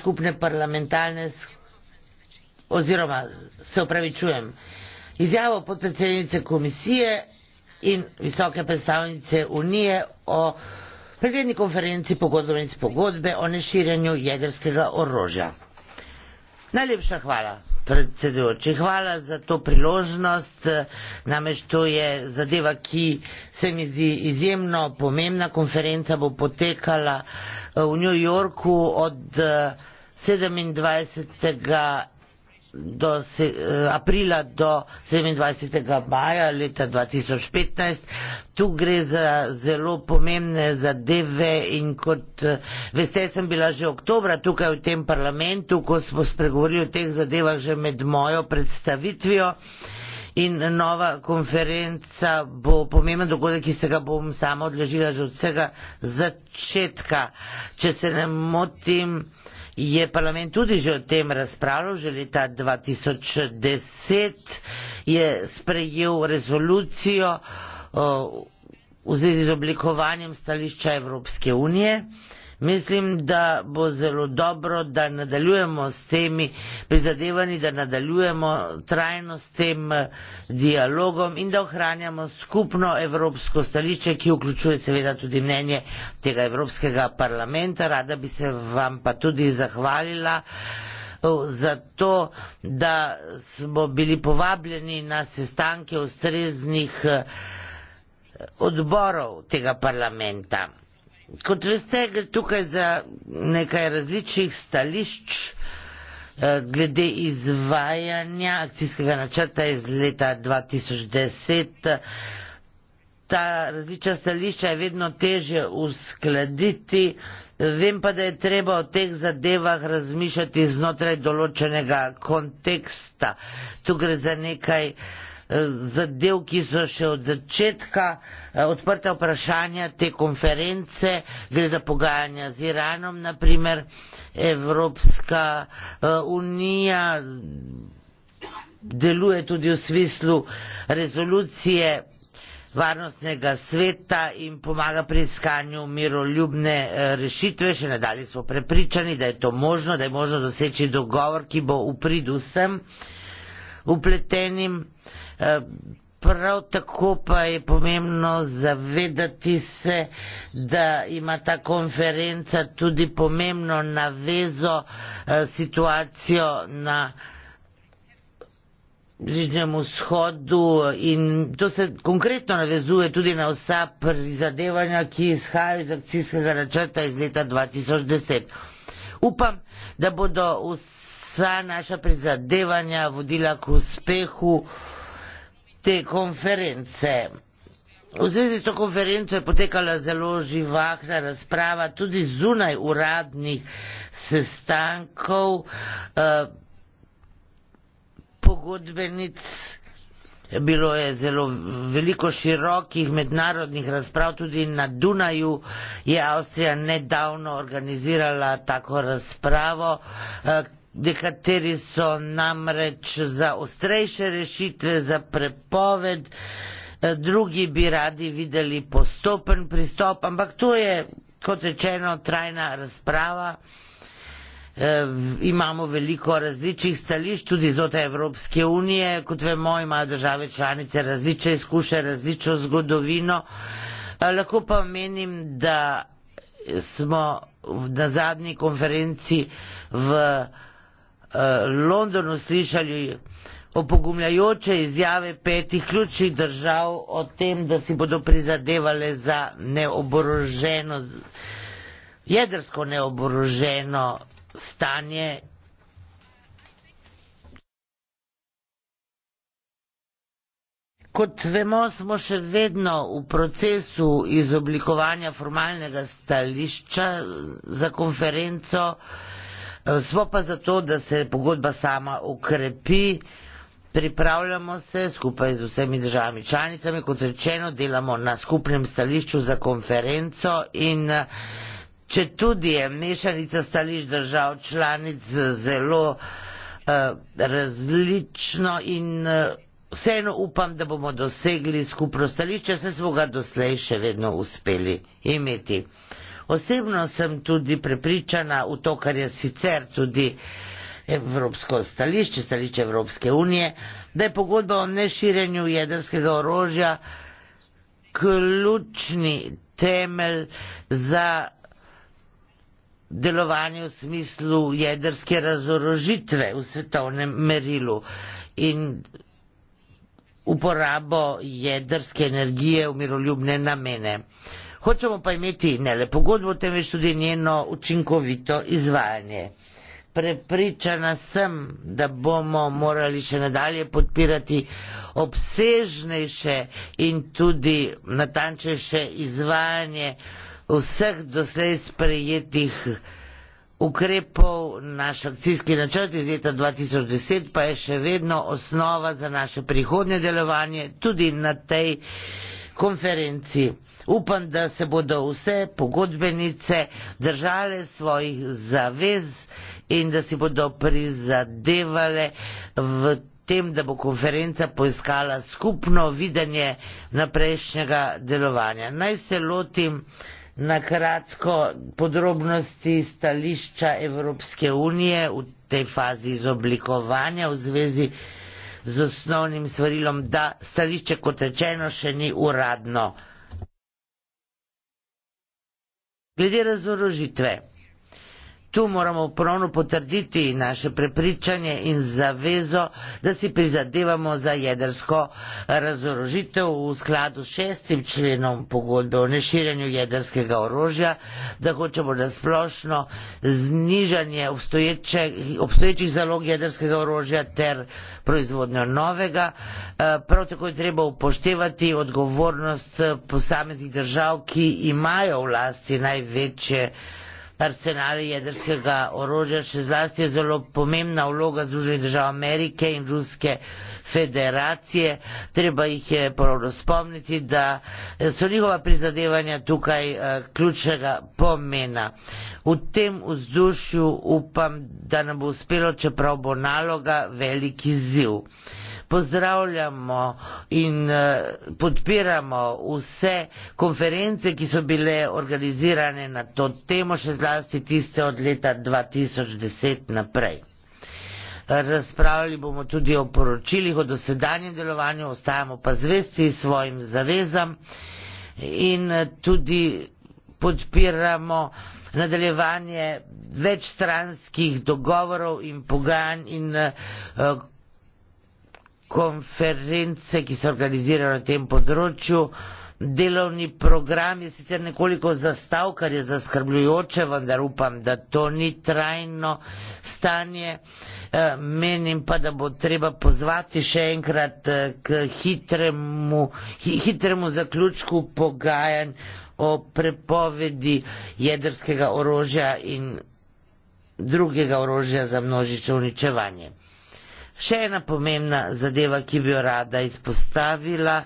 skupne parlamentarne oziroma se opravičujem izjavo podpredsednice komisije in visoke predstavnice unije o prednji konferenci pogodbe in spogodbe o neširjenju jedrskega orožja. Najlepša hvala, predsedujoči. Hvala za to priložnost. Namreč to je zadeva, ki se mi zdi izjemno pomembna. Konferenca bo potekala eh, v New Yorku od eh, 27. Do se, eh, aprila do 27. maja leta 2015. Tu gre za zelo pomembne zadeve in kot eh, veste, sem bila že oktobra tukaj v tem parlamentu, ko smo spregovorili o teh zadevah že med mojo predstavitvijo in nova konferenca bo pomemben dogodek, ki se ga bom sama odležila že od vsega začetka. Če se ne motim, je parlament tudi že o tem razpravljal, že leta 2010 je sprejel rezolucijo eh, v zvezi z oblikovanjem stališča Evropske unije mislim, da bo zelo dobro, da nadaljujemo s temi prizadevanji, da nadaljujemo trajno s tem eh, dialogom in da ohranjamo skupno evropsko stališče, ki vključuje seveda tudi mnenje tega Evropskega parlamenta. Rada bi se vam pa tudi zahvalila eh, za to, da smo bili povabljeni na sestanke ustreznih eh, odborov tega parlamenta kot veste, gre tukaj za nekaj različnih stališč eh, glede izvajanja akcijskega načrta iz leta 2010. Ta različna stališča je vedno težje uskladiti, vem pa, da je treba o teh zadevah razmišljati znotraj določenega konteksta. Tu gre za nekaj uh, Eh, zadev, ki so še od začetka eh, odprta vprašanja te konference, gre za pogajanja z Iranom, naprimer Evropska eh, unija deluje tudi v smislu rezolucije varnostnega sveta in pomaga pri iskanju miroljubne rešitve. Še nadalje smo prepričani, da je to možno, da je možno doseči dogovor, ki bo v prid vsem upletenim. Eh, prav tako pa je pomembno zavedati se, da ima ta konferenca tudi pomembno navezo eh, situacijo na bližnjem vzhodu in to se konkretno navezuje tudi na vsa prizadevanja, ki izhajajo iz akcijskega načrta iz leta 2010. Upam, da bodo vsa naša prizadevanja vodila k uspehu te konference. V zvezi s to konferenco je potekala zelo živahna razprava, tudi zunaj uradnih sestankov, eh, pogodbenic. Bilo je zelo veliko širokih mednarodnih razprav, tudi na Dunaju je Avstrija nedavno organizirala tako razpravo, eh, nekateri so namreč za ostrejše rešitve, za prepoved, eh, drugi bi radi videli postopen pristop, ampak to je, kot rečeno, trajna razprava. Eh, imamo veliko različnih stališč, tudi znotraj Evropske unije, kot vemo, imajo države članice različne izkušnje, različno zgodovino. Eh, lahko pa menim, da smo na zadnji konferenci v Eh, Londonu slišali opogumljajoče izjave petih ključnih držav o tem, da si bodo prizadevali za neoboroženo, jedrsko neoboroženo stanje. Kot vemo, smo še vedno v procesu izoblikovanja formalnega stališča za konferenco. Smo pa zato, da se pogodba sama ukrepi, pripravljamo se skupaj z vsemi državami članicami, kot rečeno, delamo na skupnem stališču za konferenco in če tudi je mešanica stališč držav članic zelo uh, različno in uh, vseeno upam, da bomo dosegli skupno stališče, se smo ga doslej še vedno uspeli imeti. Osebno sem tudi prepričana v to, kar je sicer tudi Evropsko stališče, stališče Evropske unije, da je pogodba o neširjenju jedrskega orožja ključni temelj za delovanje v smislu jedrske razorožitve v svetovnem merilu in uporabo jedrske energije v miroljubne namene. Uh, Hočemo pa imeti ne le pogodbo, temveč tudi njeno učinkovito izvajanje. Prepričana sem, da bomo morali še nadalje podpirati obsežnejše in tudi natančnejše izvajanje vseh doslej sprejetih ukrepov. Naš akcijski načrt iz leta 2010 pa je še vedno osnova za naše prihodnje delovanje tudi na tej konferenci. Upam, da se bodo vse pogodbenice držale svojih zavez in da si bodo prizadevale v tem, da bo konferenca poiskala skupno videnje naprejšnjega delovanja. Naj se lotim na kratko podrobnosti stališča Evropske unije v tej fazi izoblikovanja v zvezi z osnovnim svarilom, da stališče kot rečeno še ni uradno. Glede razorožitve. Tu moramo ponovno potrditi naše prepričanje in zavezo, da si prizadevamo za jedrsko razorožitev v skladu s šestim členom pogodbe o neširjanju jedrskega orožja, da hočemo na splošno znižanje obstoječe, obstoječih zalog jedrskega orožja ter proizvodnjo novega. Eh, prav tako je treba upoštevati odgovornost eh, posameznih držav, ki imajo v lasti največje arsenal jedrskega orožja, še zlasti je zelo pomembna vloga Združenih držav Amerike in Ruske federacije. Treba jih je pravno spomniti, da so njihova prizadevanja tukaj eh, ključnega pomena. V tem vzdušju upam, da nam bo uspelo, čeprav bo naloga veliki ziv pozdravljamo in eh, podpiramo vse konference, ki so bile organizirane na to temo, še zlasti tiste od leta 2010 naprej. Razpravljali bomo tudi o poročilih, o dosedanjem delovanju, ostajamo pa zvesti svojim zavezam in eh, tudi podpiramo nadaljevanje večstranskih dogovorov in pogajanj in uh, konference, ki se organizirajo na tem področju. Delovni program je sicer nekoliko zastav, kar je zaskrbljujoče, vendar upam, da to ni trajno stanje. Eh, menim pa, da bo treba pozvati še enkrat eh, k hitremu, hitremu zaključku pogajanj o prepovedi jedrskega orožja in drugega orožja za množično uničevanje. Še ena pomembna zadeva, ki bi jo rada izpostavila,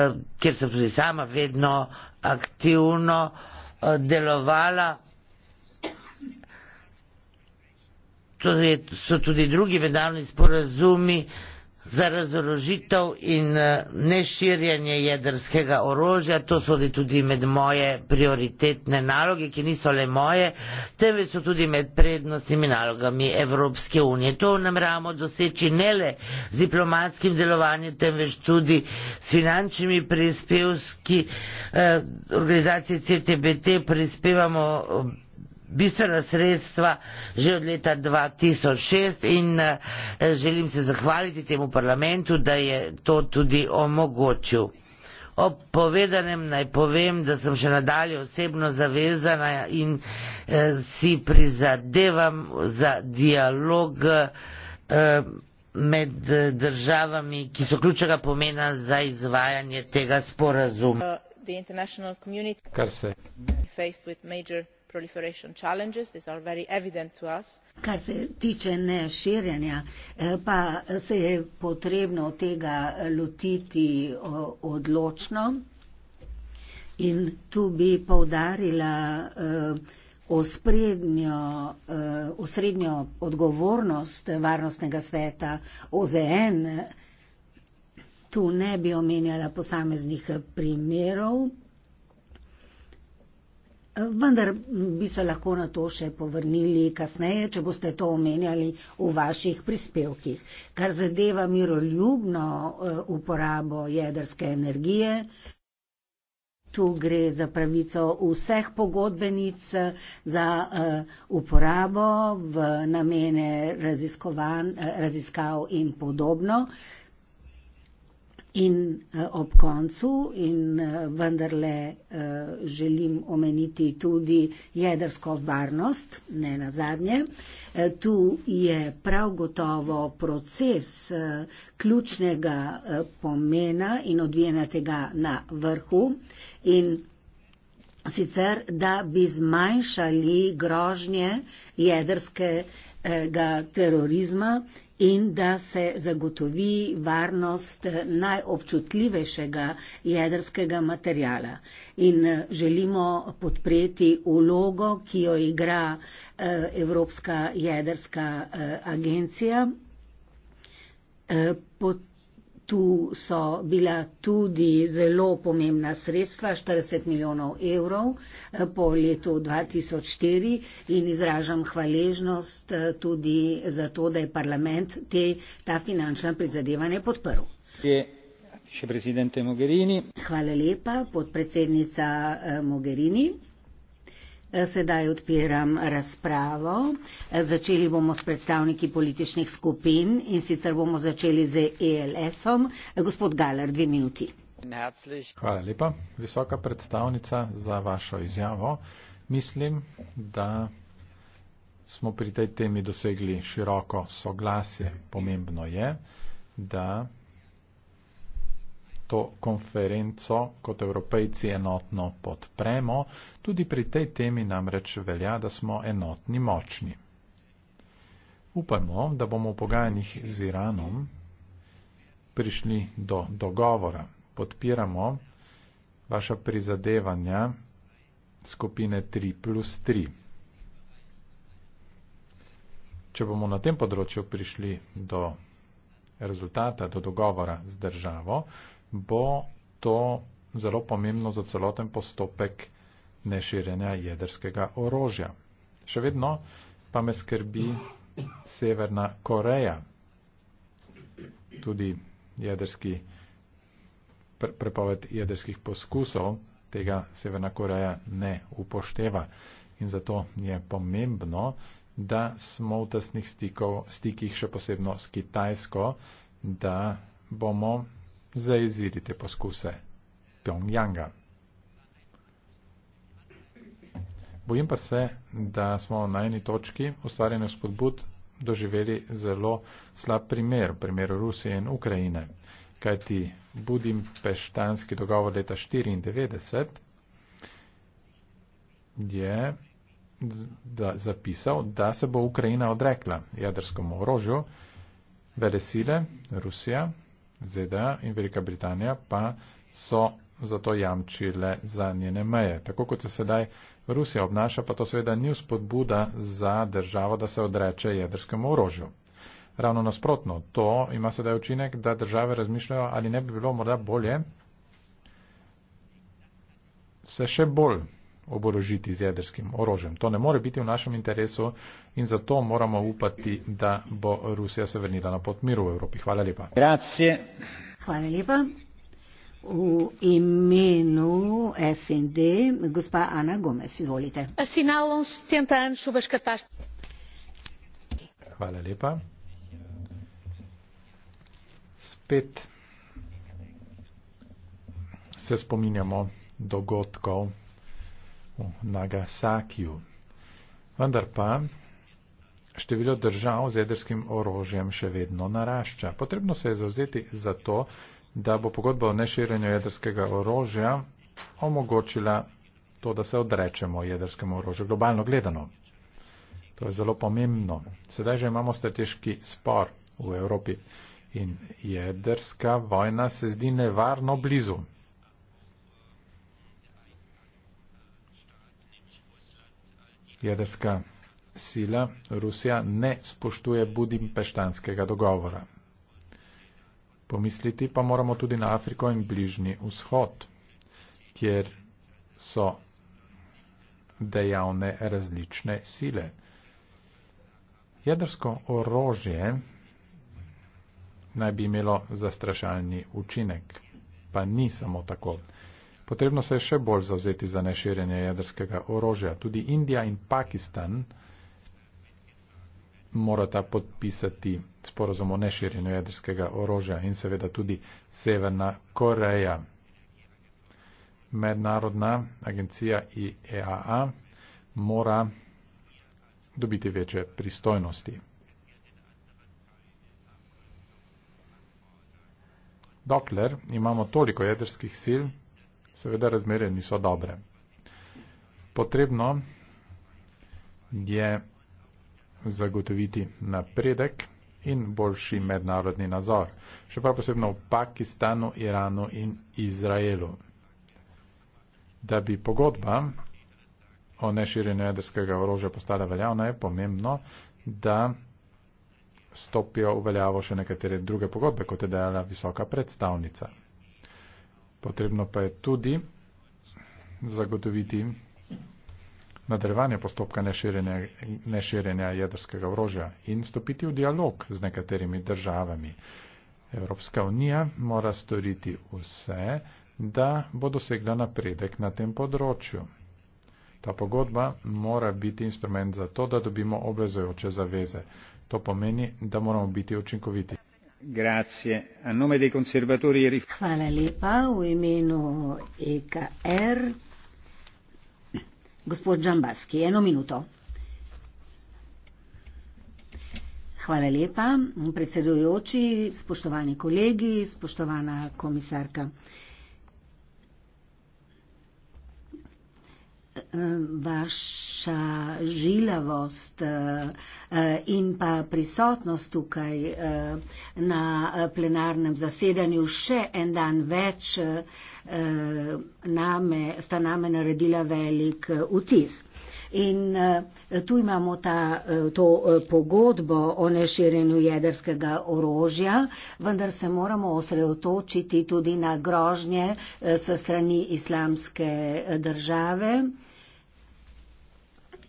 eh, kjer sem tudi sama vedno aktivno eh, delovala. To so tudi drugi mednarodni sporazumi, za razorožitev in eh, neširjanje jedrskega orožja. To so tudi med moje prioritetne naloge, ki niso le moje, temveč so tudi med prednostnimi nalogami Evropske unije. To namramo doseči ne le z diplomatskim delovanjem, temveč tudi s finančnimi prispevki. Eh, organizacije CTBT prispevamo. Eh, bistvena sredstva že od leta 2006 in eh, želim se zahvaliti temu parlamentu, da je to tudi omogočil. Ob povedanem naj povem, da sem še nadalje osebno zavezana in eh, si prizadevam za dialog eh, med državami, ki so ključnega pomena za izvajanje tega sporazuma. Uh, Kar se proliferation challenges these are very evident to us kar se tiče ne širjenja eh, pa se je potrebno tega eh, lotiti odločno in tu bi poudarila eh, osrednjo, osrednjo odgovornost Varnostnega sveta OZN. Tu ne bi omenjala posameznih primerov, vendar bi se lahko na to še povrnili kasneje, če boste to omenjali v vaših prispevkih. Kar zadeva miroljubno eh, uporabo jedrske energije, tu gre za pravico vseh pogodbenic za eh, uporabo v namene eh, raziskav in podobno. In uh, ob koncu, in uh, vendarle uh, želim omeniti tudi jedrsko varnost, ne na zadnje. E, tu je prav gotovo proces uh, ključnega uh, pomena in odvijena tega na vrhu. In sicer da bi zmanjšali grožnje jedrskega terorizma in da se zagotovi varnost najobčutljivejšega jedrskega materijala. In eh, želimo podpreti ulogo, ki jo igra eh, Evropska jedrska eh, agencija. Pot tu so bila tudi zelo pomembna sredstva, 40 milijonov evrov eh, po letu 2004 in izražam hvaležnost eh, tudi za to, da je parlament te, ta finančna prizadevanja podprl. Hvala lepa, podpredsednica eh, Mogherini. Eh, sedaj odpiram razpravo. Eh, začeli bomo s predstavniki političnih skupin in sicer bomo začeli z ELS-om. Eh, gospod Galer, dve minuti. Hvala lepa, visoka predstavnica, za vašo izjavo. Mislim, da smo pri tej temi dosegli široko soglasje. Pomembno je, da to konferenco kot evropejci enotno podpremo, tudi pri tej temi namreč velja, da smo enotni močni. Upajmo, da bomo v pogajanjih z Iranom prišli do dogovora. Podpiramo vaša prizadevanja skupine 3 plus 3. Če bomo na tem področju prišli do rezultata, do dogovora z državo, bo to zelo pomembno za celoten postopek neširjenja jedrskega orožja. Še vedno pa me skrbi Severna Koreja. Tudi jedrski, prepoved jedrskih poskusov tega Severna Koreja ne upošteva. In zato je pomembno, da smo v tesnih stikov, stikih še posebno s Kitajsko, da bomo zajezili te poskuse Pjongjanga. Bojim pa se, da smo na eni točki ustvarjanja spodbud doživeli zelo slab primer, primer Rusije in Ukrajine, kajti budim peštanski dogovor leta 1994 je da zapisal, da se bo Ukrajina odrekla jedrskemu orožju, vele sile, Rusija, ZDA in Velika Britanija pa so zato jamčile za njene meje. Tako kot se sedaj Rusija obnaša, pa to seveda ni vzpodbuda za državo, da se odreče jedrskemu orožju. Ravno nasprotno, to ima sedaj učinek, da države razmišljajo, ali ne bi bilo morda bolje se še bolj oborožiti z jedrskim orožjem. To ne more biti v našem interesu in zato moramo upati, da bo Rusija se vrnila na pot miru v Evropi. Hvala lepa. Grazie. Hvala lepa. V imenu SND, gospa Ana Gomez, izvolite. Hvala lepa. Spet se spominjamo dogodkov, v Nagasakiju. Vendar pa število držav z jedrskim orožjem še vedno narašča. Potrebno se je zauzeti za to, da bo pogodba o neširjenju jedrskega orožja omogočila to, da se odrečemo jedrskemu orožju globalno gledano. To je zelo pomembno. Sedaj že imamo strateški spor v Evropi in jedrska vojna se zdi nevarno blizu. jedrska sila Rusija ne spoštuje Budimpeštanskega dogovora. Pomisliti pa moramo tudi na Afriko in bližnji vzhod, kjer so dejavne različne sile. Jedrsko orožje naj bi imelo zastrašalni učinek, pa ni samo tako. Potrebno se je še bolj zavzeti za neširjenje jedrskega orožja. Tudi Indija in Pakistan morata podpisati sporozum o neširjenju jedrskega orožja in seveda tudi Severna Koreja. Mednarodna agencija IEAA mora dobiti večje pristojnosti. Dokler imamo toliko jedrskih sil, seveda razmere niso dobre. Potrebno je zagotoviti napredek in boljši mednarodni nazor, še prav posebno v Pakistanu, Iranu in Izraelu, da bi pogodba o neširjenju jedrskega orožja postala veljavna, je pomembno, da stopijo v veljavo še nekatere druge pogodbe, kot je dejala visoka predstavnica. Potrebno pa je tudi zagotoviti nadaljevanje postopka neširjenja, neširjenja jedrskega orožja in stopiti v dialog z nekaterimi državami. Evropska unija mora storiti vse, da bo dosegla napredek na tem področju. Ta pogodba mora biti instrument za to, da dobimo obvezojoče zaveze. To pomeni, da moramo biti učinkoviti. E hvala lepa v imenu ekr er, gospod džambaski eno minuto hvala lepa predsedujoči spoštovani kolegi spoštovana komisarka. vaša žilavost eh, in pa prisotnost tukaj eh, na eh, plenarnem zasedanju še en dan več name, sta name naredila velik vtis. In tu imamo ta, to pogodbo o neširjenju jedrskega orožja, vendar se moramo osredotočiti tudi na grožnje s strani islamske države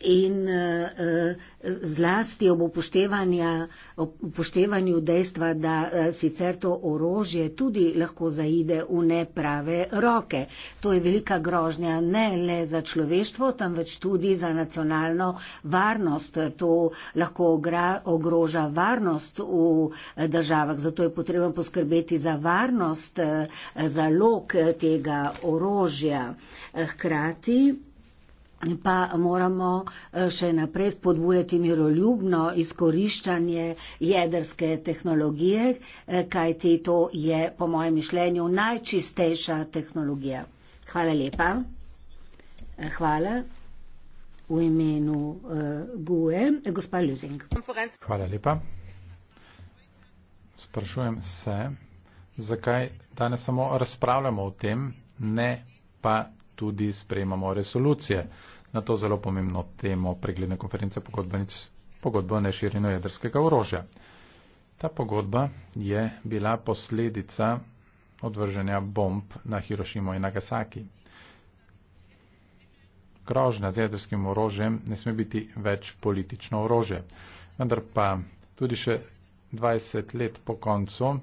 in eh, eh, zlasti ob upoštevanju dejstva, da eh, sicer to orožje tudi lahko zaide v neprave roke. To je velika grožnja ne le za človeštvo, temveč tudi za nacionalno varnost. To lahko ogroža varnost v državah, zato je potrebno poskrbeti za varnost, za lok tega orožja. Hkrati pa moramo eh, še naprej spodbujati miroljubno izkoriščanje jedrske tehnologije, eh, kajti to je po mojem mišljenju najčistejša tehnologija. Hvala lepa. Eh, hvala v imenu GUE. Gospa Ljuzing. Hvala lepa. Sprašujem se, zakaj danes samo razpravljamo o tem, ne pa tudi sprejemamo resolucije na to zelo pomembno temo pregledne konference pogodbe o neširjenju jedrskega orožja. Ta pogodba je bila posledica odvrženja bomb na Hirošimo in Nagasaki. Grožnja z jedrskim orožjem ne sme biti več politično orožje. Vendar pa tudi še 20 let po koncu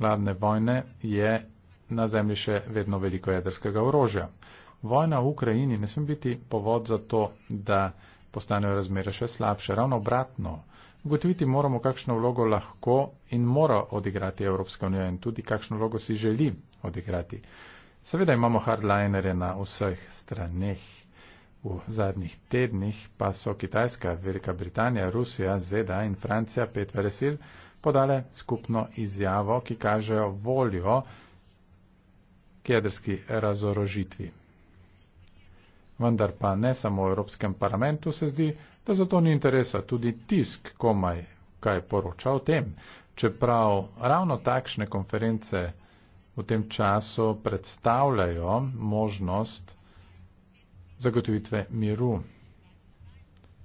hladne vojne je na zemlji še vedno veliko jedrskega orožja. Vojna v Ukrajini ne sme biti povod za to, da postanejo razmere še slabše. Ravno obratno, ugotoviti moramo, kakšno vlogo lahko in mora odigrati Evropska unija in tudi kakšno vlogo si želi odigrati. Seveda imamo hardlinere na vseh straneh. V zadnjih tednih pa so Kitajska, Velika Britanija, Rusija, ZDA in Francija, pet veresil, podale skupno izjavo, ki kažejo voljo jedrski razorožitvi. Vendar pa ne samo v Evropskem parlamentu se zdi, da zato ni interesa, tudi tisk komaj kaj poroča o tem, čeprav ravno takšne konference v tem času predstavljajo možnost zagotovitve miru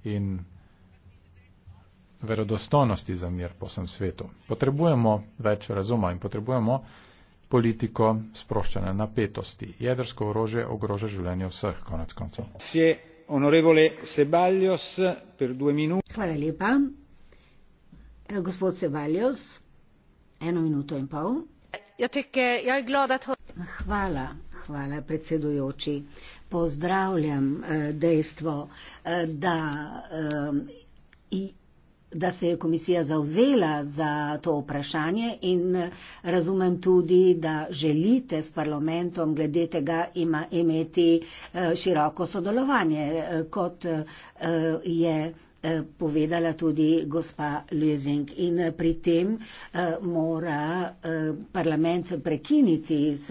in verodostojnosti za mir po vsem svetu. Potrebujemo več razuma in potrebujemo politiko sproščene napetosti. Jedrsko orožje ogroža življenje vseh, konec koncev. Hvala lepa. Eh, gospod Sebaljos, eno minuto in pol. Ja, ja, hvala, hvala predsedujoči. Pozdravljam eh, dejstvo, eh, da da se je komisija zauzela za to vprašanje in eh, razumem tudi, da želite s parlamentom glede tega ima, imeti eh, široko sodelovanje, eh, kot je povedala tudi gospa Ljuzink. In pri tem mora parlament prekiniti s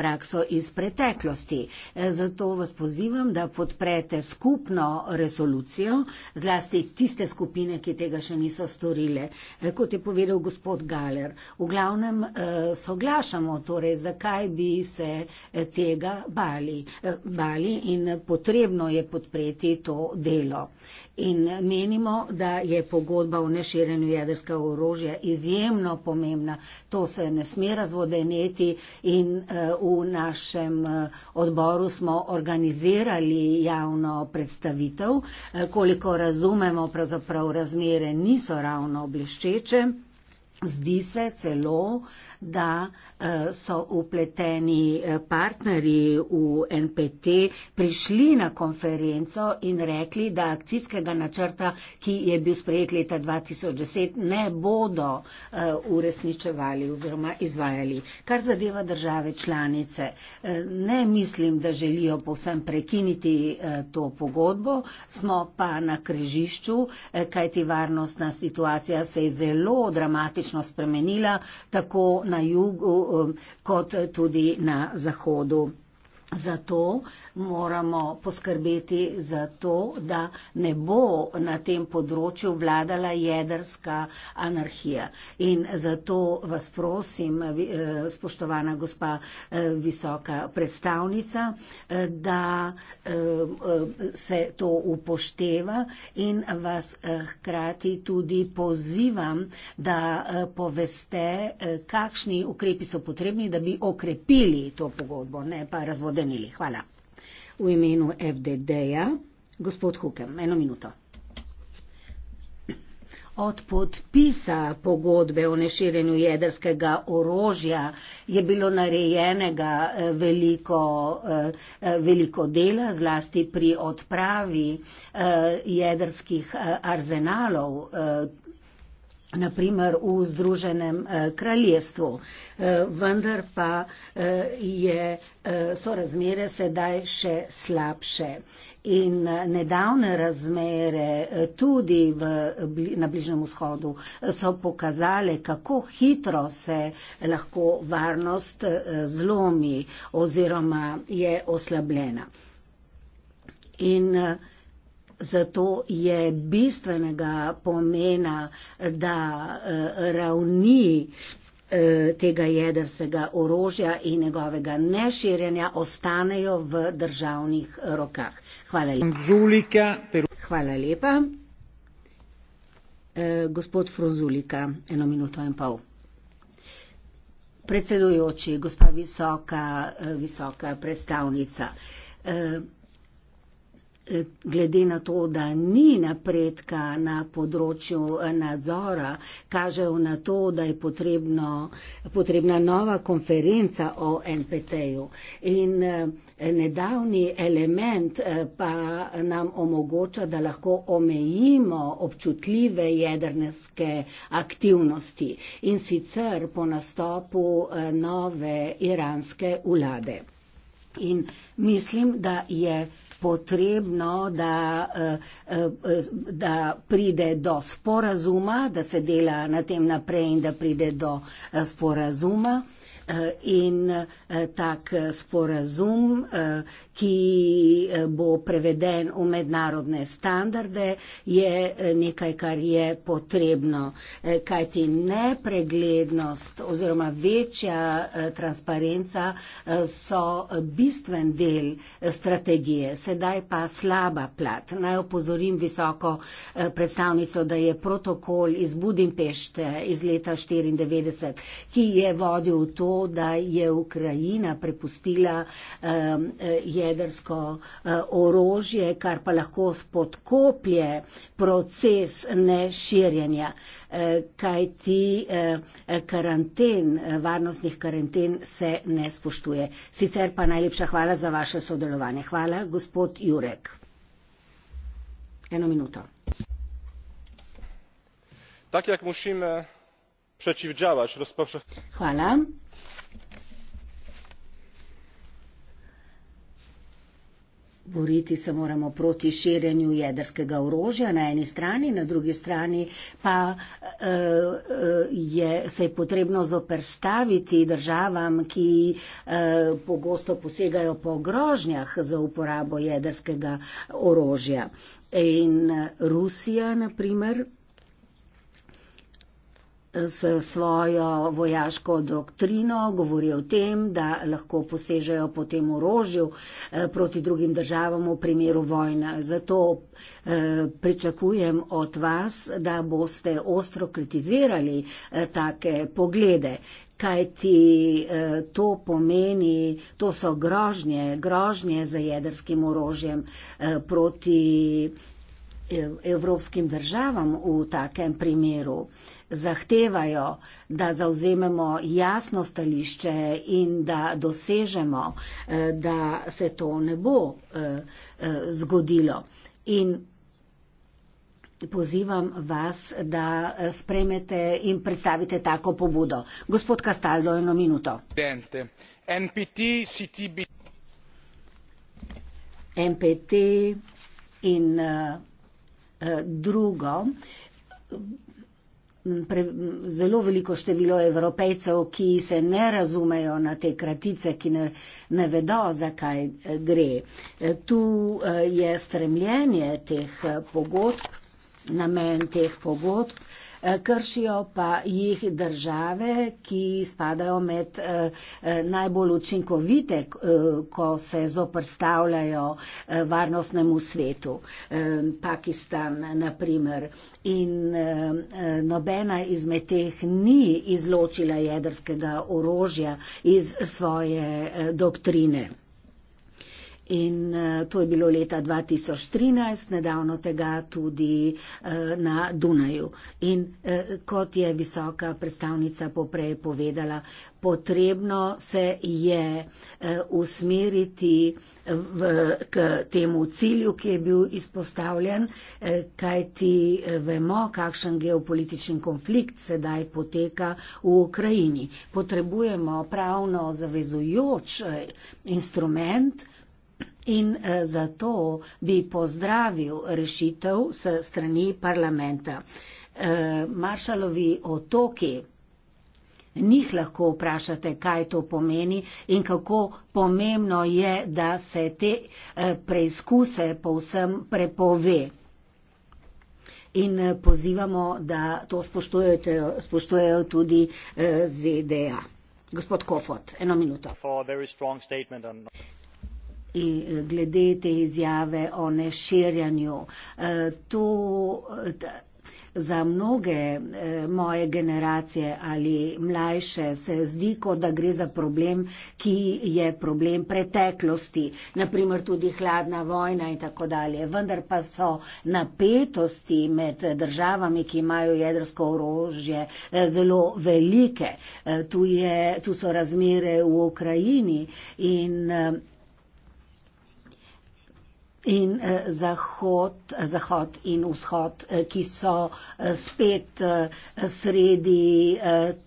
prakso iz preteklosti. E, zato vas pozivam, da podprete skupno resolucijo, zlasti tiste skupine, ki tega še niso storile. E, kot je povedal gospod Galer, v glavnem e, soglašamo, torej zakaj bi se tega bali, bali in potrebno je podpreti to delo in menimo, da je pogodba o neširjenju jedrska orožja izjemno pomembna. To se ne sme razvodeneti in eh, v našem eh, odboru smo organizirali javno predstavitev, eh, koliko razumemo, pravzaprav razmere niso ravno obliščeče. Zdi se celo, da eh, so upleteni eh, partnerji v NPT prišli na konferenco in rekli, da akcijskega načrta, ki je bil sprejet leta 2010, ne bodo eh, uresničevali oziroma izvajali. Kar zadeva države članice, ne mislim, da želijo povsem prekiniti to pogodbo, smo pa na križišču, kajti varnostna situacija se je zelo dramatično spremenila, tako na jugu um, kot tudi na zahodu. Zato moramo poskrbeti za to, da ne bo na tem področju vladala jedrska anarhija. In zato vas prosim, eh, spoštovana gospa eh, visoka predstavnica, eh, da se to upošteva in vas hkrati tudi pozivam, da poveste, kakšni ukrepi so potrebni, da bi okrepili to pogodbo, ne pa razvodili zanili. Hvala. V imenu FDD-ja, gospod Hukem, eno minuto. Od podpisa pogodbe o neširjenju jedrskega orožja je bilo narejenega eh, veliko, eh, eh, veliko dela, zlasti pri odpravi jedrskih arzenalov naprimer v Združenem eh, kraljestvu. Eh, vendar pa eh, je, so razmere sedaj še slabše. In nedavne razmere tudi v, na Bližnem vzhodu so pokazale, kako hitro se lahko varnost zlomi oziroma je oslabljena. In uh, Zato je bistvenega pomena, da eh, ravni eh, tega jedrskega orožja in njegovega neširjanja ostanejo v državnih rokah. Hvala lepa. Hvala lepa. Eh, gospod Frozulika, eno minuto in pol. Predsedujoči, gospa visoka, visoka predstavnica glede na to, da ni napredka na področju eh, nadzora, kažejo na to, da je potrebno, potrebna nova konferenca o NPT-ju. In eh, nedavni element eh, pa nam omogoča, da lahko omejimo občutljive jedrneske aktivnosti in sicer po nastopu nove iranske vlade. In mislim, da je potrebno, da, eh, eh, da pride do sporazuma, da se dela na tem naprej in da pride do eh, sporazuma in eh, tak eh, sporazum, eh, ki bo preveden v mednarodne standarde, je nekaj, kar je potrebno. Kajti nepreglednost oziroma večja transparenca so bistven del strategije. Sedaj pa slaba plat. Naj opozorim visoko predstavnico, da je protokol iz Budimpešte iz leta 1994, ki je vodil to, da je Ukrajina prepustila um, jedrsko uh, orožje, kar pa lahko spodkoplje proces neširjenja. Eh, Kaj ti karanten, varnostnih karanten se ne spoštuje. Sicer pa najlepša hvala za vaše sodelovanje. Hvala, gospod Jurek. Eno minuto. Tak, jak musimo. Hvala. Boriti se moramo proti širjenju jedrskega orožja na eni strani, na drugi strani pa uh, je, se je potrebno zoperstaviti državam, ki uh, pogosto posegajo po grožnjah za uporabo jedrskega orožja. In Rusija, na primer, s svojo vojaško doktrino, govori o tem, da lahko posežejo po tem orožju eh, proti drugim državam v primeru vojne. Zato eh, pričakujem od vas, da boste ostro kritizirali eh, take poglede. Kaj ti to pomeni, to so grožnje, grožnje za jedrskim orožjem proti evropskim državam v takem primeru zahtevajo, da zauzememo jasno stališče in da dosežemo, eh, da se to ne bo eh, eh, zgodilo. In pozivam vas, da spremete in predstavite tako pobudo. Gospod Kastaldo, eno minuto. NPT, CTB. NPT in uh, drugo pre, zelo veliko število evropejcev, ki se ne razumejo na te kratice, ki ne, ne vedo, zakaj eh, gre. Eh, tu eh, je stremljenje teh pogodb, namen teh pogodb, Eh, kršijo pa jih države, ki spadajo med eh, eh, najbolj učinkovite, ko se zoprstavljajo varnostnemu svetu. Pakistan, naprimer. In nobena izmed teh ni izločila jedrskega orožja iz svoje doktrine. In eh, to je bilo leta 2013, nedavno tega tudi eh, na Dunaju. In eh, kot je visoka predstavnica poprej povedala, potrebno se je usmeriti v, k temu cilju, ki je bil izpostavljen, kaj ti vemo, kakšen geopolitičen konflikt sedaj poteka v Ukrajini. Potrebujemo pravno zavezujoč instrument, In eh, zato bi pozdravil rešitev s strani parlamenta. Eh, Maršalovi otoki, njih lahko vprašate, kaj to pomeni in kako pomembno je, da se te eh, preizkuse povsem prepove. In pozivamo, da to spoštujejo tudi ZDA. Gospod Kofot, eno minuto in eh, glede te izjave o neširjanju. Eh, to eh, za mnoge moje generacije ali mlajše se zdi, kot da gre za problem, ki je problem preteklosti, naprimer tudi hladna vojna in tako dalje. Vendar pa so napetosti med državami, ki imajo jedrsko orožje, zelo velike. Tu, je, tu so razmere v Ukrajini in in eh, zahod, zahod in vzhod, eh, ki so eh, spet sredi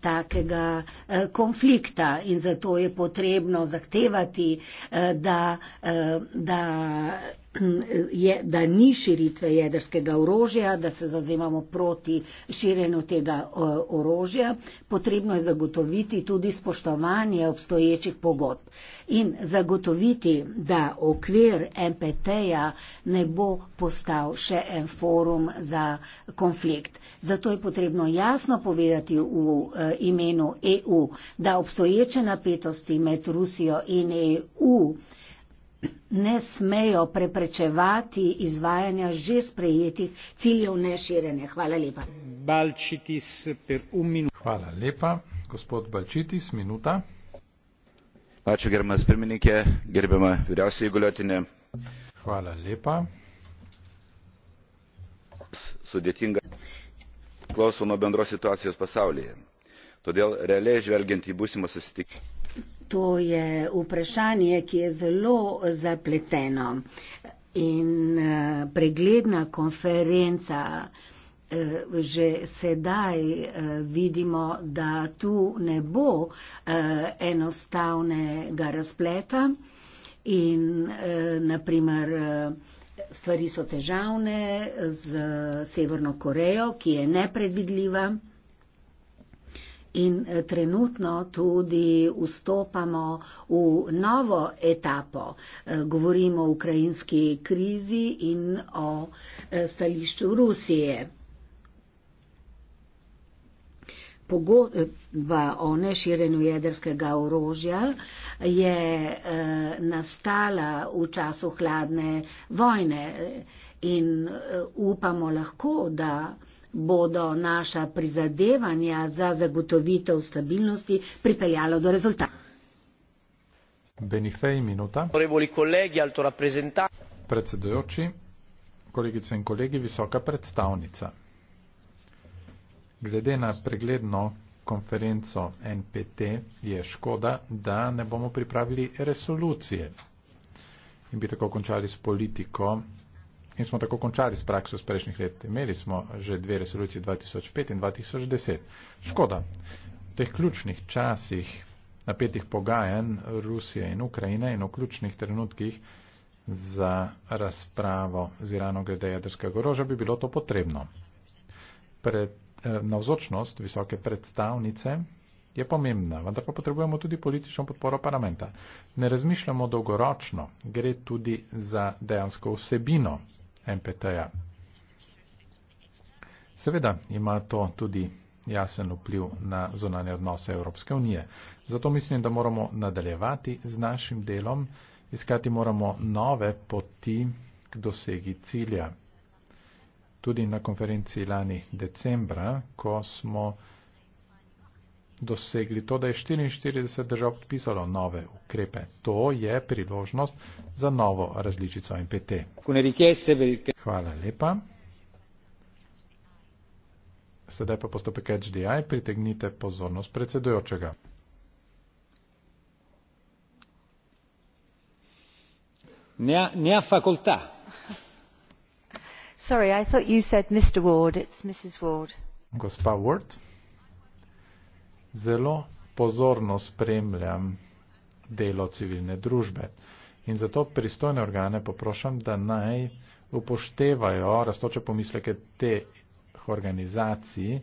takega konflikta. In zato je potrebno zahtevati, da, da, je, da ni širitve jedrskega orožja, da se zazemamo proti širjenju tega orožja. Potrebno je zagotoviti tudi spoštovanje obstoječih pogodb in zagotoviti, da okvir MPT-ja ne bo postal še en forum za konflikt. Zato je potrebno jasno povedati v eh, imenu EU, da obstoječe napetosti med Rusijo in EU ne smejo preprečevati izvajanja že sprejetih ciljev neširjenja. Hvala lepa. Hvala lepa. Gospod Balčitis, minuta gerbiamas pirmininke gerbiama vyriausioji įgaliotinė sudėtinga priklauso nuo bendros situacijos pasaulyje todėl realiai žvelgiant į būsimą susitikimą To je vprašanje, ki je zelo zapleteno in eh, pregledna konferenca. Eh, že sedaj eh, vidimo, da tu ne bo eh, enostavnega razpleta in naprimer stvari so težavne z Severno Korejo, ki je nepredvidljiva. In trenutno tudi vstopamo v novo etapo. Govorimo o ukrajinski krizi in o stališču Rusije. pogodba eh, o neširjenju jedrskega orožja je eh, nastala v času hladne vojne eh, in eh, upamo lahko, da bodo naša prizadevanja za zagotovitev stabilnosti pripeljalo do rezultata. Benifej, minuta. Predsedujoči, kolegice in kolegi, visoka predstavnica. Glede na pregledno konferenco NPT je škoda, da ne bomo pripravili resolucije in bi tako končali s politiko in smo tako končali s prakso z prejšnjih let. Imeli smo že dve resolucije 2005 in 2010. Škoda, v teh ključnih časih napetih pogajanj Rusije in Ukrajine in v ključnih trenutkih za razpravo z Iranom glede jedrskega orožja bi bilo to potrebno. Pred Eh, navzočnost visoke predstavnice je pomembna, vendar pa potrebujemo tudi politično podporo parlamenta. Ne razmišljamo dolgoročno, gre tudi za dejansko vsebino MPT-ja. Seveda ima to tudi jasen vpliv na zonanje odnose Evropske unije. Zato mislim, da moramo nadaljevati z našim delom, iskati moramo nove poti k dosegi cilja tudi na konferenci lani decembra, ko smo dosegli to, da je 44 držav podpisalo nove ukrepe. To je priložnost za novo različico MPT. Hvala lepa. Sedaj pa postopek HDI, pritegnite pozornost predsedujočega. Ne, ne fakulta zelo pozorno spremljam delo civilne družbe in zato pristojne organe poprošam, da naj upoštevajo rastoče pomisleke teh organizacij,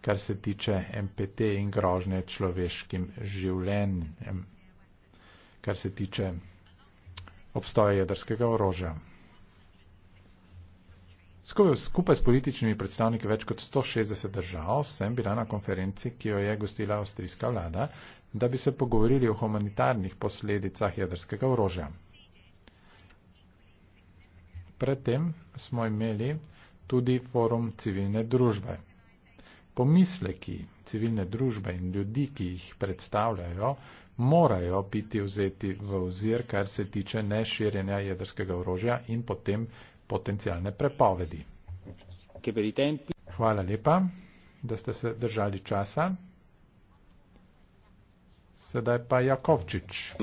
kar se tiče MPT in grožnje človeškim življenjem, kar se tiče obstoja jedrskega orožja. Skupaj s političnimi predstavniki več kot 160 držav sem bila na konferenci, ki jo je gostila avstrijska vlada, da bi se pogovorili o humanitarnih posledicah jedrskega orožja. Predtem smo imeli tudi forum civilne družbe. Pomisleki civilne družbe in ljudi, ki jih predstavljajo, morajo biti vzeti v ozir, kar se tiče neširjenja jedrskega orožja in potem potencijalne prepovedi. Hvala lepa, da ste se držali časa. Sedaj pa Jakovčič.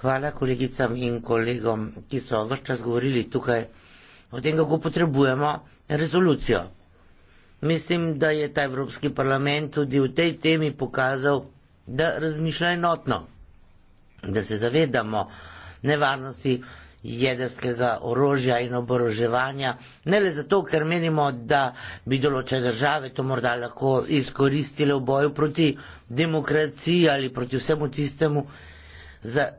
Hvala kolegicam in kolegom, ki so vse čas govorili tukaj o tem, kako potrebujemo rezolucijo. Mislim, da je ta Evropski parlament tudi v tej temi pokazal, da razmišlja enotno, da se zavedamo, nevarnosti jedrskega orožja in oboroževanja, ne le zato, ker menimo, da bi določene države to morda lahko izkoristile v boju proti demokraciji ali proti vsemu tistemu, za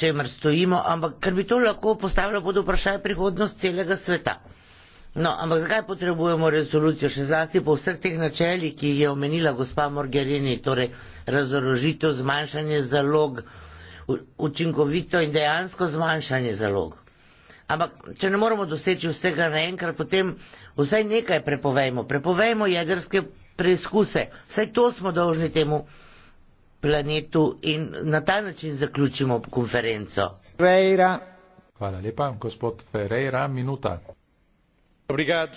čemer stojimo, ampak ker bi to lahko postavilo pod vprašanje prihodnost celega sveta. No, ampak zakaj potrebujemo resolucijo, še zlasti po vseh teh načeljih, ki jih je omenila gospa Morgerini, torej razorožitev, zmanjšanje zalog, učinkovito in dejansko zmanjšanje zalog. Ampak, če ne moremo doseči vsega naenkrat, potem vsaj nekaj prepovejmo. Prepovejmo jedrske preizkuse. Vsaj to smo dolžni temu planetu in na ta način zaključimo konferenco. Ferreira. Hvala lepa, gospod Ferreira, minuta. Obrigad,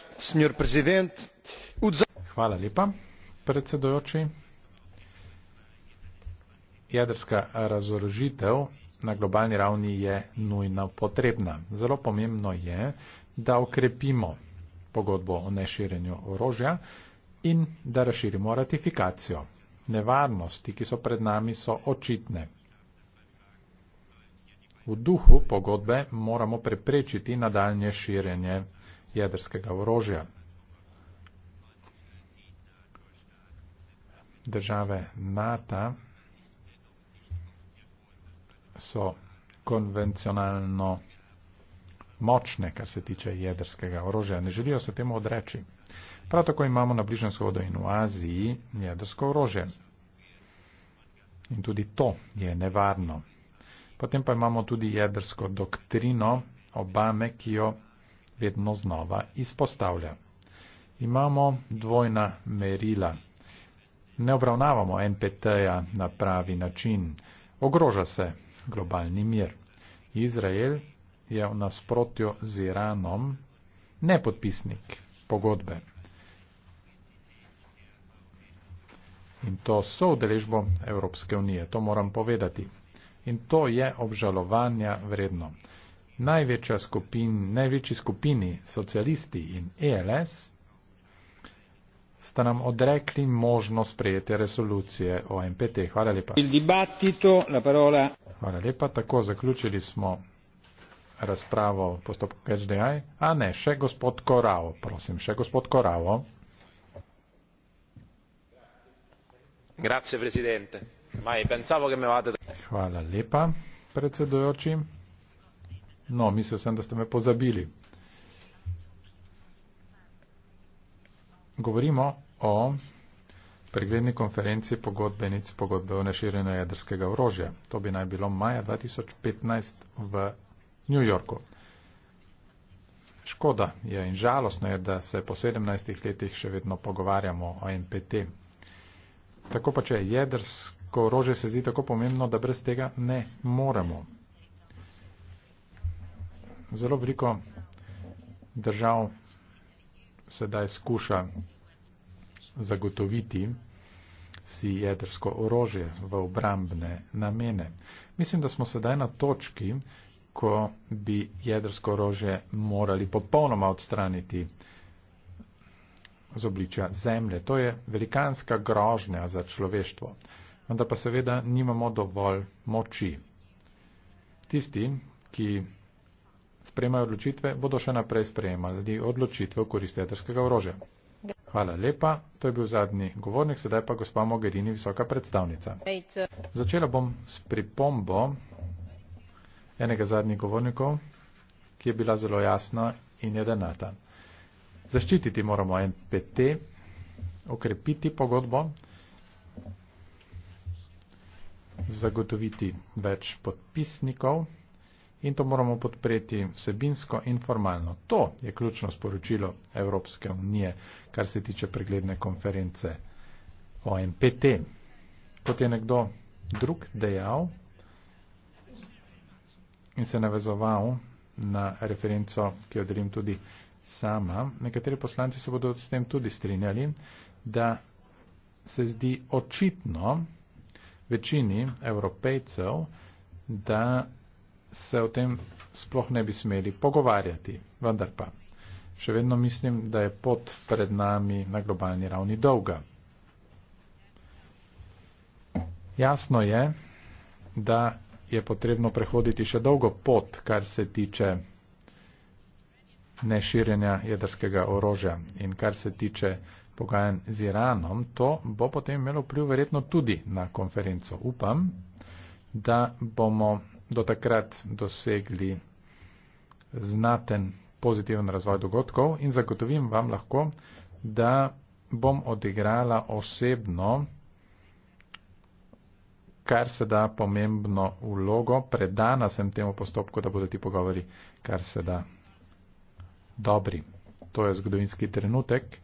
Hvala lepa, predsedojoči jedrska razorožitev na globalni ravni je nujno potrebna. Zelo pomembno je, da okrepimo pogodbo o neširjenju orožja in da razširimo ratifikacijo. Nevarnosti, ki so pred nami, so očitne. V duhu pogodbe moramo preprečiti nadaljne širjenje jedrskega orožja. Države NATO so konvencionalno močne, kar se tiče jedrskega orožja. Ne želijo se temu odreči. Prav tako imamo na Bližnem shodu in v Aziji jedrsko orožje. In tudi to je nevarno. Potem pa imamo tudi jedrsko doktrino Obame, ki jo vedno znova izpostavlja. Imamo dvojna merila. Ne obravnavamo NPT-ja na pravi način. Ogroža se globalni mir. Izrael je v nasprotju z Iranom nepodpisnik pogodbe. In to so udeležbo Evropske unije, to moram povedati. In to je obžalovanja vredno. Skupin, največji skupini socialisti in ELS sta nam odrekli možnost prijete resolucije o MPT. Hvala lepa. Il dibattito, la parola. Hvala lepa. Tako zaključili smo razpravo postopka HDI. A ne, še gospod Korao, prosim, še gospod Korao. Grazie, presidente. Mai pensavo che me vada... Hvala lepa, predsedujoči. No, mislil sem, da ste me pozabili. govorimo o pregledni konferenci pogodbenic pogodbe o neširjenju jedrskega orožja. To bi naj bilo maja 2015 v New Yorku. Škoda je in žalostno je, da se po 17 letih še vedno pogovarjamo o NPT. Tako pa, če je jedrsko orožje se zdi tako pomembno, da brez tega ne moremo. Zelo veliko držav sedaj skuša zagotoviti si jedrsko orožje v obrambne namene. Mislim, da smo sedaj na točki, ko bi jedrsko orožje morali popolnoma odstraniti z obliča zemlje. To je velikanska grožnja za človeštvo. Vendar pa seveda nimamo dovolj moči. Tisti, ki sprejemajo odločitve, bodo še naprej sprejemali odločitve v korist jedrskega orožja. Hvala lepa, to je bil zadnji govornik, sedaj pa gospa Mogherini, visoka predstavnica. Začela bom s pripombo enega zadnjih govornikov, ki je bila zelo jasna in je denata. Zaščititi moramo NPT, okrepiti pogodbo, zagotoviti več podpisnikov, in to moramo podpreti vsebinsko in formalno. To je ključno sporočilo Evropske unije, kar se tiče pregledne konference o MPT. Kot je nekdo drug dejal in se navezoval na referenco, ki jo delim tudi sama, nekateri poslanci se bodo s tem tudi strinjali, da se zdi očitno večini evropejcev, da se o tem sploh ne bi smeli pogovarjati. Vendar pa, še vedno mislim, da je pot pred nami na globalni ravni dolga. Jasno je, da je potrebno prehoditi še dolgo pot, kar se tiče neširjenja jedrskega orožja in kar se tiče pogajanj z Iranom, to bo potem imelo vpliv verjetno tudi na konferenco. Upam, da bomo do takrat dosegli znaten pozitiven razvoj dogodkov in zagotovim vam lahko, da bom odigrala osebno kar se da pomembno vlogo. Predana sem temu postopku, da bodo ti pogovori kar se da dobri. To je zgodovinski trenutek.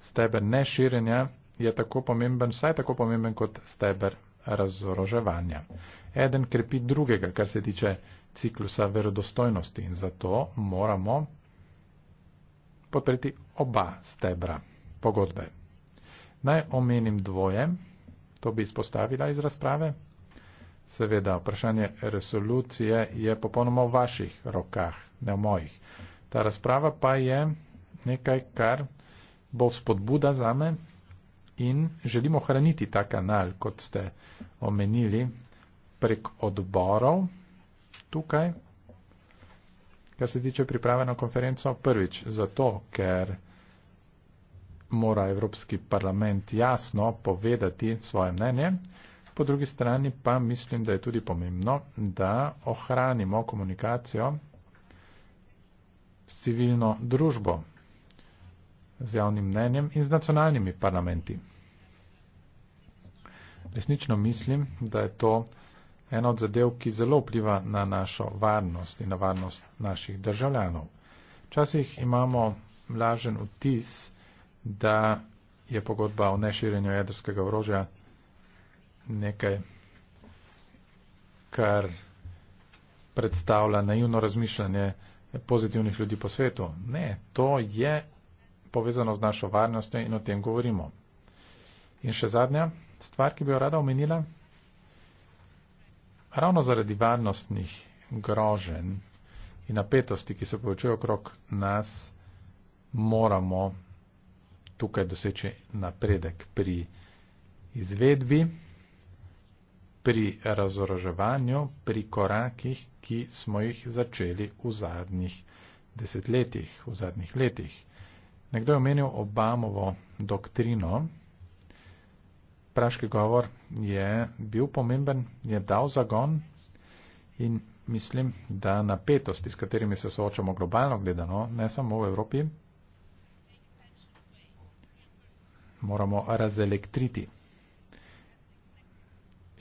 Steber neširjenja je tako pomemben, vsaj tako pomemben kot steber razoroževanja eden krepi drugega, kar se tiče ciklusa verodostojnosti in zato moramo podpreti oba stebra pogodbe. Naj omenim dvoje, to bi izpostavila iz razprave. Seveda, vprašanje resolucije je popolnoma v vaših rokah, ne v mojih. Ta razprava pa je nekaj, kar bo spodbuda za me in želimo hraniti ta kanal, kot ste omenili, prek odborov tukaj, kar se tiče priprave na konferenco. Prvič zato, ker mora Evropski parlament jasno povedati svoje mnenje. Po drugi strani pa mislim, da je tudi pomembno, da ohranimo komunikacijo s civilno družbo, z javnim mnenjem in z nacionalnimi parlamenti. Resnično mislim, da je to ena od zadev, ki zelo vpliva na našo varnost in na varnost naših državljanov. Včasih imamo lažen vtis, da je pogodba o neširjenju jedrskega orožja nekaj, kar predstavlja naivno razmišljanje pozitivnih ljudi po svetu. Ne, to je povezano z našo varnostjo in o tem govorimo. In še zadnja stvar, ki bi jo rada omenila, Ravno zaradi varnostnih grožen in napetosti, ki se povečujejo okrog nas, moramo tukaj doseči napredek pri izvedbi, pri razoroževanju, pri korakih, ki smo jih začeli v zadnjih desetletjih, v zadnjih letih. Nekdo je omenil Obamovo doktrino, praški govor je bil pomemben, je dal zagon in mislim, da napetosti, s katerimi se soočamo globalno gledano, ne samo v Evropi, moramo razelektriti.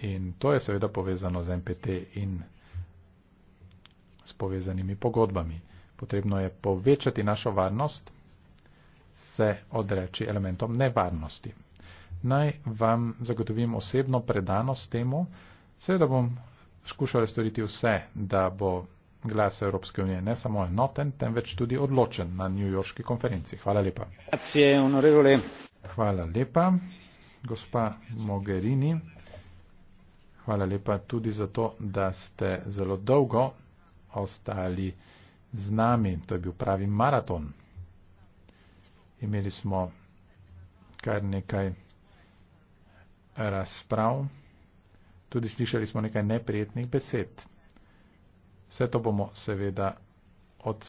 In to je seveda povezano z MPT in s povezanimi pogodbami. Potrebno je povečati našo varnost, se odreči elementom nevarnosti naj vam zagotovim osebno predanost temu. Seveda bom skušala storiti vse, da bo glas Evropske unije ne samo enoten, temveč tudi odločen na New Yorkski konferenci. Hvala lepa. Hvala lepa, gospa Mogherini. Hvala lepa tudi za to, da ste zelo dolgo ostali z nami. To je bil pravi maraton. Imeli smo kar nekaj razprav, tudi slišali smo nekaj neprijetnih besed. Vse to bomo seveda